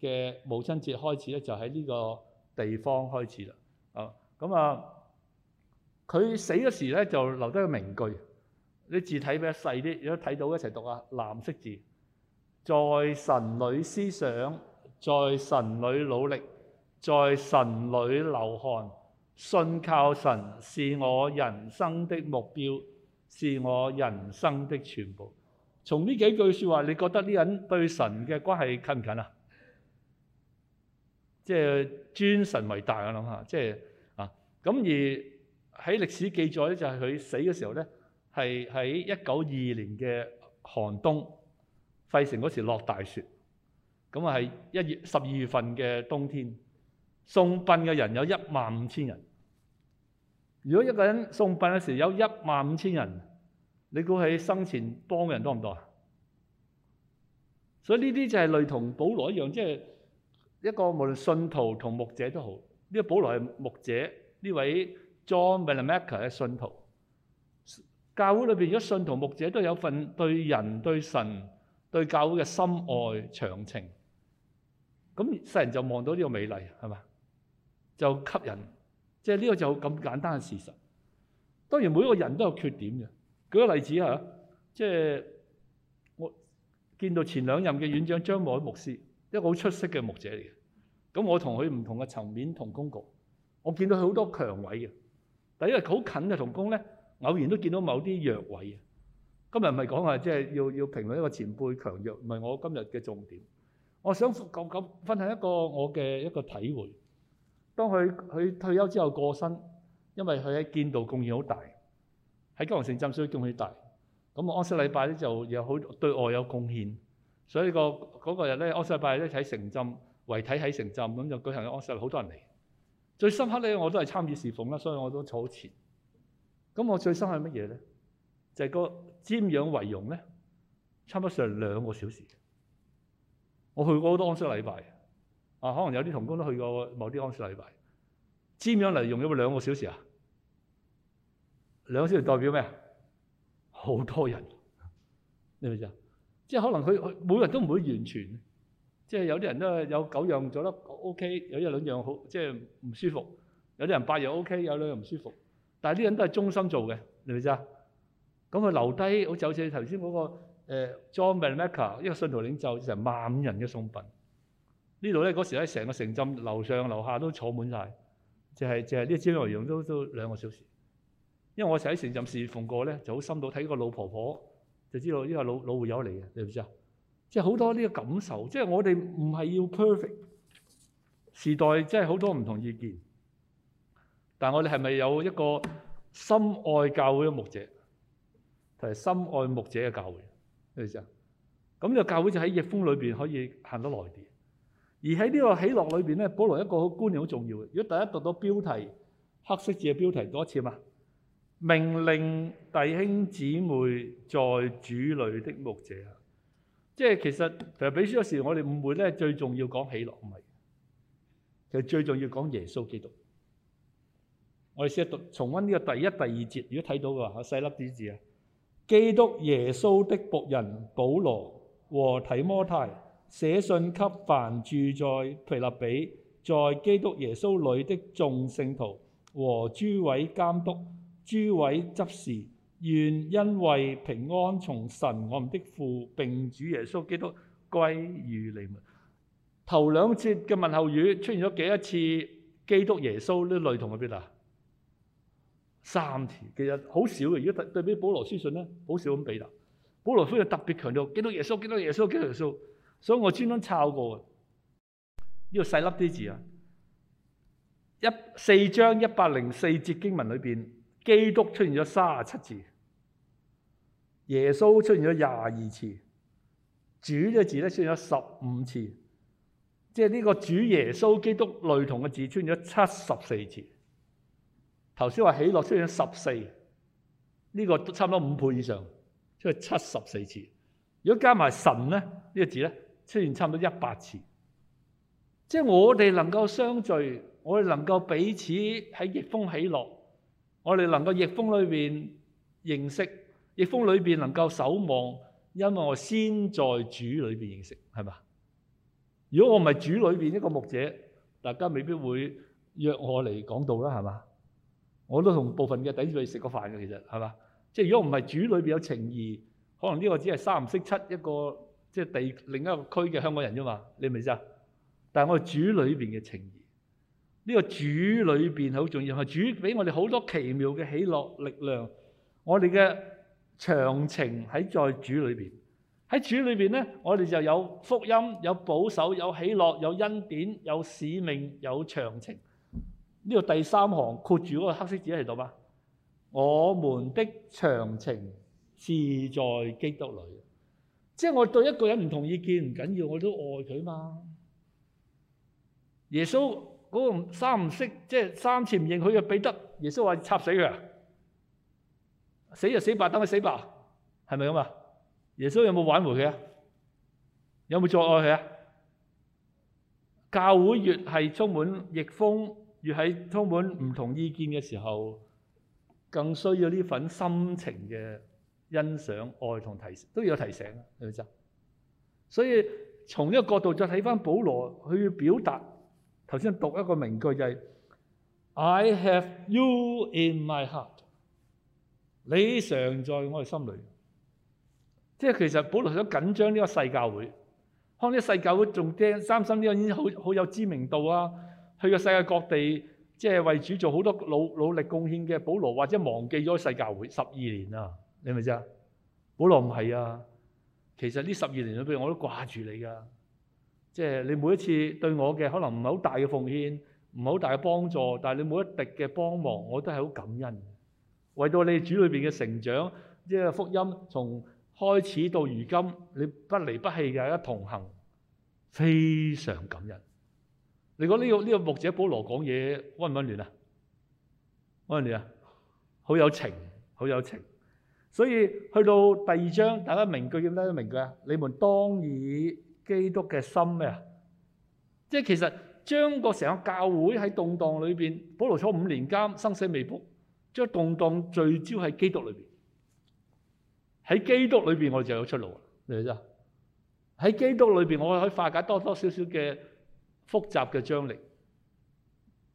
嘅母親節開始咧，就喺呢個地方開始啦。啊，咁啊，佢死嗰時咧就留低個名句，啲字體比較細啲，如果睇到一齊讀啊，藍色字。在神裏思想，在神裏努力，在神裏流汗，信靠神是我人生的目標，是我人生的全部。從呢幾句說話，你覺得呢人對神嘅關係近唔近啊？即係尊神為大，我諗下，即係啊。咁而喺歷史記載咧，就係佢死嘅時候咧，係喺一九二二年嘅寒冬。費城嗰時落大雪，咁啊係一月十二月份嘅冬天，送殯嘅人有一萬五千人。如果一個人送殯嘅時候有一萬五千人，你估喺生前幫嘅人多唔多啊？所以呢啲就係類同保羅一樣，即係一個無論信徒同牧者都好。呢個保羅係牧者，呢位 John Wanamaker 係信徒。教會裏邊如果信徒、牧者都有份對人、對神。對教會嘅深愛長情，咁世人就望到呢個美麗，係嘛？就吸引，即係呢個就咁簡單嘅事實。當然每一個人都有缺點嘅。舉個例子吓，即係我見到前兩任嘅院長張慕皚牧師，一個好出色嘅牧者嚟嘅。咁我他不同佢唔同嘅層面同工過，我見到佢好多強位嘅，但因為佢好近嘅同工咧，偶然都見到某啲弱位嘅。今日唔係講話，即係要要評論一個前輩強弱，唔係我今日嘅重點。我想講講分享一個我嘅一個體會。當佢佢退休之後過身，因為佢喺建道貢獻好大，喺堅宏城浸水貢獻大。咁啊安息禮拜咧就有好對外有貢獻，所以個嗰個日咧安息禮拜咧睇城浸遺體喺城浸咁就舉行安息禮，好多人嚟。最深刻咧我都係參與事奉啦，所以我都坐好前。咁我最深刻係乜嘢咧？就係個瞻仰遺容咧，差唔多成兩個小時。我去過好多安息禮拜，啊，可能有啲同工都去過某啲安息禮拜。瞻仰嚟用咗兩個小時啊？兩個小時代表咩？好多人，你咪知？啫？即係可能佢每日都唔會完全，即係有啲人都有九樣做得 OK，有一兩樣好即係唔舒服；有啲人八樣 OK，、就是、有兩樣唔舒服。但係啲人都係忠心做嘅，你咪知？啫？咁佢留低好似好似頭先嗰個 John 和 Meka 一個信徒領袖，成係萬人嘅送殯。呢度咧，嗰時咧，成個城鎮樓上樓下都坐滿晒，就係、是、就係呢個招待用都都兩個小時。因為我成日喺城鎮侍奉過咧，就好深到睇個老婆婆就知道呢個老老會友嚟嘅，你知唔知啊？即係好多呢個感受，即係我哋唔係要 perfect 時代，即係好多唔同意見，但係我哋係咪有一個深愛教會嘅牧者？就係深愛牧者嘅教會，係就咁呢個教會就喺逆風裏邊可以行得耐啲。而喺呢個喜樂裏邊咧，保羅一個好觀念好重要嘅。如果大家讀到標題黑色字嘅標題，多一次嘛，命令弟兄姊妹在主裏的牧者啊，即係其實其實腓立比書嗰時，我哋誤會咧，最重要講喜樂唔係，其實最重要講耶穌基督。我哋試下讀重溫呢個第一、第二節，如果睇到嘅話，細粒啲字啊。基督耶穌的僕人保羅和提摩太，寫信給凡住在腓立比，在基督耶穌裡的眾聖徒和諸位監督、諸位執事，願因為平安從神我們的父，並主耶穌基督歸於你們。頭兩節嘅問候語出現咗幾多次？基督耶穌呢類同喺邊啊？三次，其實好少嘅。如果對比，保比《保羅書信》咧，好少咁比啦。保羅書就特別強調基督耶穌、基督耶穌、基督耶穌，所以我專登抄過嘅。呢、這個細粒啲字啊，一四章一百零四節經文裏邊，基督出現咗三十七字，耶穌出現咗廿二次，主嘅字咧出現咗十五次，即係呢個主耶穌基督類同嘅字出現咗七十四次。頭先話起落出現十四。呢個都差唔多五倍以上，出現七十四次。如果加埋神咧呢個字咧，出現差唔多一百次。即係我哋能夠相聚，我哋能夠彼此喺逆風起落，我哋能夠逆風裏邊認識，逆風裏邊能夠守望，因為我先在主裏邊認識，係嘛？如果我唔係主裏邊一個牧者，大家未必會約我嚟講道啦，係嘛？我都同部分嘅弟子去食過飯嘅，其實係嘛？即係如果唔係主裏面有情義，可能呢個只係三唔識七一個，即係地另一個區嘅香港人咋嘛？你明唔明先？但係我哋主裏邊嘅情義，呢個主裏面好重要，係主俾我哋好多奇妙嘅喜樂力量，我哋嘅長情喺在主裏面。喺主裏面咧，我哋就有福音、有保守、有喜樂、有恩典、有使命、有長情。呢個第三行括住嗰個黑色字喺度嘛？我們的長情是在基督裏，即係我對一個人唔同意見唔緊要，我都愛佢嘛。耶穌嗰、那個三唔識，即係三次唔認佢嘅彼得，耶穌話插死佢啊！死就死吧，等佢死吧，係咪咁啊？耶穌有冇挽回佢啊？有冇再愛佢啊？教會越係充滿逆風，越喺充滿唔同意見嘅時候，更需要呢份心情嘅欣賞、愛同提醒，都要有提醒啊！所以從呢個角度再睇翻保羅去表達，頭先讀一個名句就係、是、：I have you in my heart。你常在我哋心裏，即係其實保羅想緊張呢個世教會，可能呢個世教會仲驚三心呢個已經好好有知名度啊！去個世界各地，即係為主做好多努努力貢獻嘅保羅，或者忘記咗世界教會十二年啊？你係咪知啊？保羅唔係啊，其實呢十二年裏邊我都掛住你噶，即係你每一次對我嘅可能唔係好大嘅奉獻，唔係好大嘅幫助，但係你每一滴嘅幫忙，我都係好感恩。為到你主裏邊嘅成長，即係福音從開始到如今你不離不棄嘅一同行，非常感恩。你講呢個呢個牧者保羅講嘢温唔温暖啊？温暖啊，好有情，好有情。所以去到第二章，大家明句唔明句啊？你們當以基督嘅心咩啊？即係其實將個成個教會喺動蕩裏邊，保羅坐五年監，生死未卜，將動蕩聚焦喺基督裏邊。喺基督裏邊，我哋就有出路啊！嚟唔嚟啫？喺基督裏邊，我可以化解多多少少嘅。複雜嘅張力，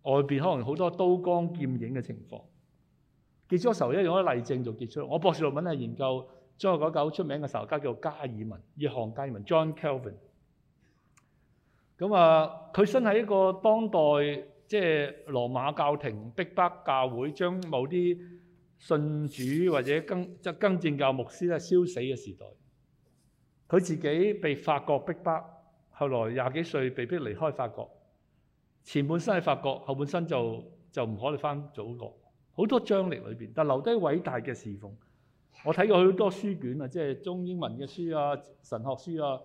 外邊可能好多刀光劍影嘅情況。結束嘅時候，一樣例證就結束。我博士論文係研究將個嗰個好出名嘅神學家叫加爾文，熱航加爾文 John Calvin。咁、嗯、啊，佢身喺一個當代即係羅馬教廷逼迫教會將某啲信主或者更即更正教牧師咧燒死嘅時代。佢自己被法國逼迫。後來廿幾歲被逼離開法國，前半生喺法國，後半生就就唔可以翻祖國，好多張力裏邊，但留低偉大嘅侍奉。我睇過好多書卷啊，即係中英文嘅書啊，神學書啊，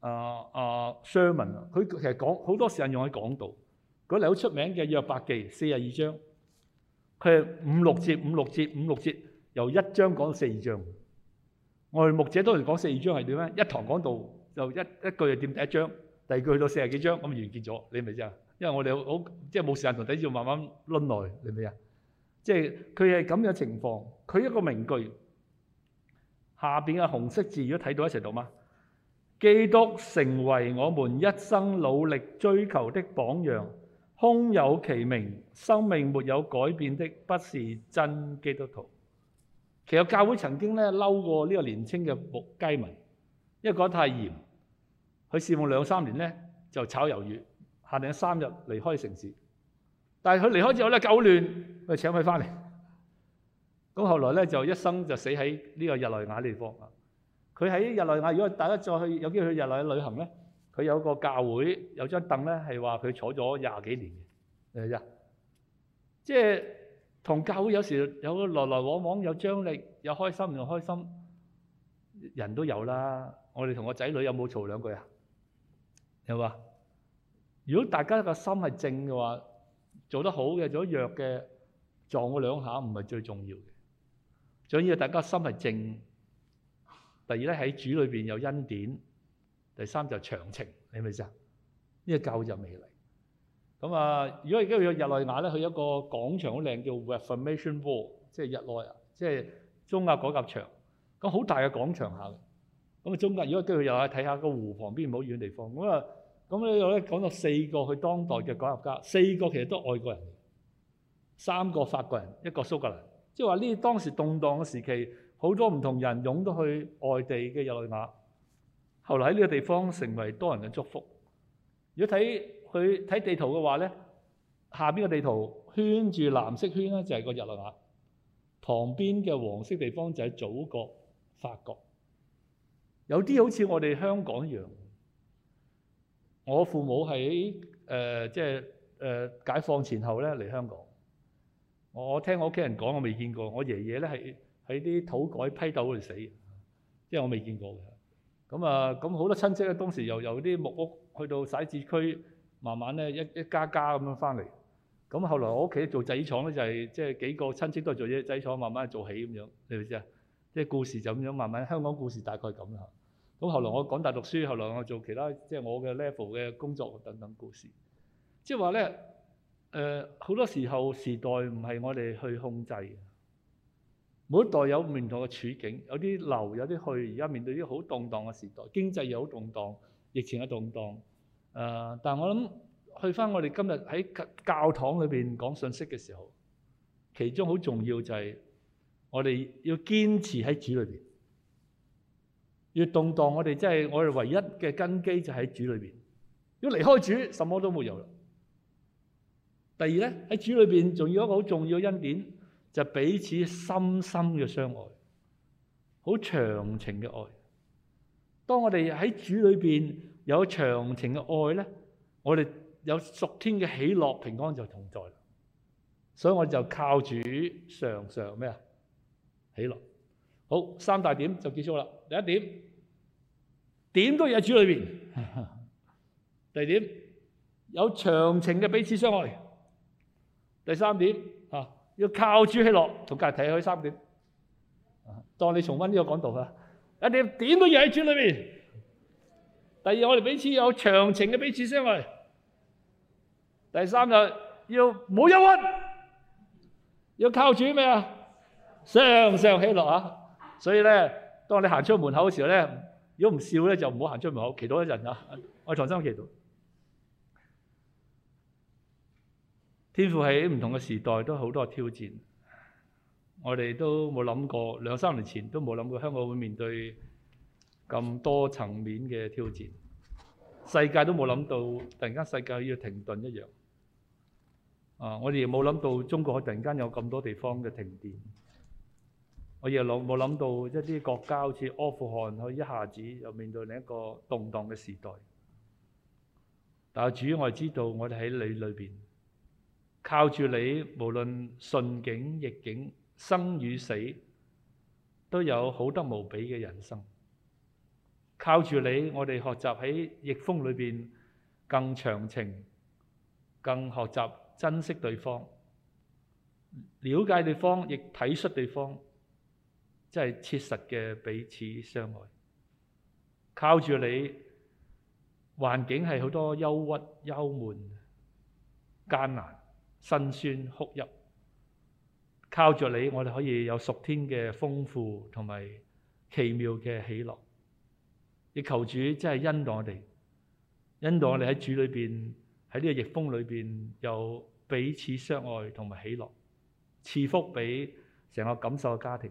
啊啊 sermon 啊，佢其實講好多時間用喺講道。嗰嚟好出名嘅約伯記四十二章，佢係五六節、五六節、五六節，由一章講到四章。我哋牧者當然講四章係點咧？一堂講道。就一一句就掂第一章，第二句去到四十幾章咁完結咗，你明唔明啫？因為我哋好即係冇時間同弟兄慢慢攆耐，你明唔明啊？即係佢係咁嘅情況，佢一個名句下邊嘅紅色字，如果睇到一齊讀嗎？基督成為我們一生努力追求的榜樣，空有其名，生命沒有改變的，不是真基督徒。其實教會曾經咧嬲過呢個年青嘅仆街民，因為講得太嚴。佢侍奉兩三年咧，就炒魷魚，限定三日離開城市。但係佢離開之後咧，搞亂，佢請佢翻嚟。咁後來咧，就一生就死喺呢個日內瓦的地方啊。佢喺日內瓦，如果大家再去有機會去日內瓦旅行咧，佢有個教會有一張凳咧，係話佢坐咗廿幾年嘅誒呀。即係同教會有時有來來往往，有張力，有開心又開心，人都有啦。我哋同個仔女有冇嘈兩句啊？係嘛？如果大家個心係正嘅話，做得好嘅，做得弱嘅，撞佢兩下唔係最重要嘅。仲要是大家嘅心係正。第二咧，喺主裏邊有恩典。第三就長情，你明唔明先？呢、呢個教就未嚟。咁啊，如果而家去日內瓦咧，去一個廣場好靚，叫 Reformation Wall，即係日內啊，即、就、係、是、中亞改革場。咁好大嘅廣場下。咁啊，中間如果都要入去睇下個湖旁邊，唔好遠嘅地方。咁啊，咁呢度咧講到四個佢當代嘅改革家，四個其實都係外國人，三個法國人，一個蘇格蘭。即係話呢當時動盪嘅時期，好多唔同人湧到去外地嘅日內瓦，後嚟喺呢個地方成為多人嘅祝福。如果睇佢睇地圖嘅話咧，下邊嘅地圖圈住藍色圈咧就係個日內瓦，旁邊嘅黃色地方就係祖國法國。有啲好似我哋香港一樣，我父母喺誒即係誒解放前後咧嚟香港。我聽我屋企人講，我未見過。我爺爺咧係喺啲土改批鬥嗰度死，即係我未見過嘅。咁啊，咁好多親戚咧，當時又由啲木屋去到徙置區，慢慢咧一一家家咁樣翻嚟。咁後來我屋企做製衣廠咧，就係即係幾個親戚都係做啲製衣廠，慢慢做起咁樣，明唔明先啊？即係故事就咁樣慢慢，香港故事大概咁啦。咁後來我港大讀書，後來我做其他即係我嘅 level 嘅工作等等故事。即係話咧，誒好多時候時代唔係我哋去控制嘅。每一代有唔同嘅處境，有啲留，有啲去。而家面對啲好動盪嘅時代，經濟又好動盪，疫情又動盪。誒，但係我諗去翻我哋今日喺教堂裏邊講信息嘅時候，其中好重要就係。我哋要堅持喺主裡邊，越動蕩我哋真係我哋唯一嘅根基就喺主裡邊。如果離開主，什麼都沒有啦。第二咧喺主裡邊仲要一個好重要嘅恩典，就是、彼此深深嘅相愛，好長情嘅愛。當我哋喺主裡邊有長情嘅愛咧，我哋有屬天嘅喜樂平安就同在了。所以我哋就靠主常常咩啊？喜樂，好，三大點就結束啦。第一點，點都要喺主裡面。第二點，有長情嘅彼此相愛。第三點，吓要靠主喜樂。同格睇下呢三點。啊，當你重溫呢個講道啦。第一點，點都要喺主裡面。第二，我哋彼此有長情嘅彼此相愛。第三，就要唔好憂鬱，要靠主咩啊？常常喜樂啊！所以咧，當你行出門口嘅時候咧，如果唔笑咧，就唔好行出門口，祈禱一陣啊！我重新祈禱。天父喺唔同嘅時代都好多挑戰，我哋都冇諗過兩三年前都冇諗過香港會面對咁多層面嘅挑戰。世界都冇諗到，突然間世界要停頓一樣。啊！我哋亦冇諗到，中國突然間有咁多地方嘅停電。我又諗冇諗到一啲國家好似阿富汗，佢一下子又面對另一個動盪嘅時代。但係主，我哋知道，我哋喺你裏邊靠住你，無論順境逆境、生與死，都有好得無比嘅人生。靠住你，我哋學習喺逆風裏邊更長情，更學習珍惜對方，了解對方，亦體恤對方。真係切實嘅彼此相愛，靠住你，環境係好多憂鬱、憂悶、艱難、辛酸、哭泣。靠住你，我哋可以有屬天嘅豐富同埋奇妙嘅喜樂。亦求主真係恩待我哋，恩待我哋喺主裏邊，喺呢個逆風裏邊，有彼此相愛同埋喜樂，賜福俾成個感受嘅家庭。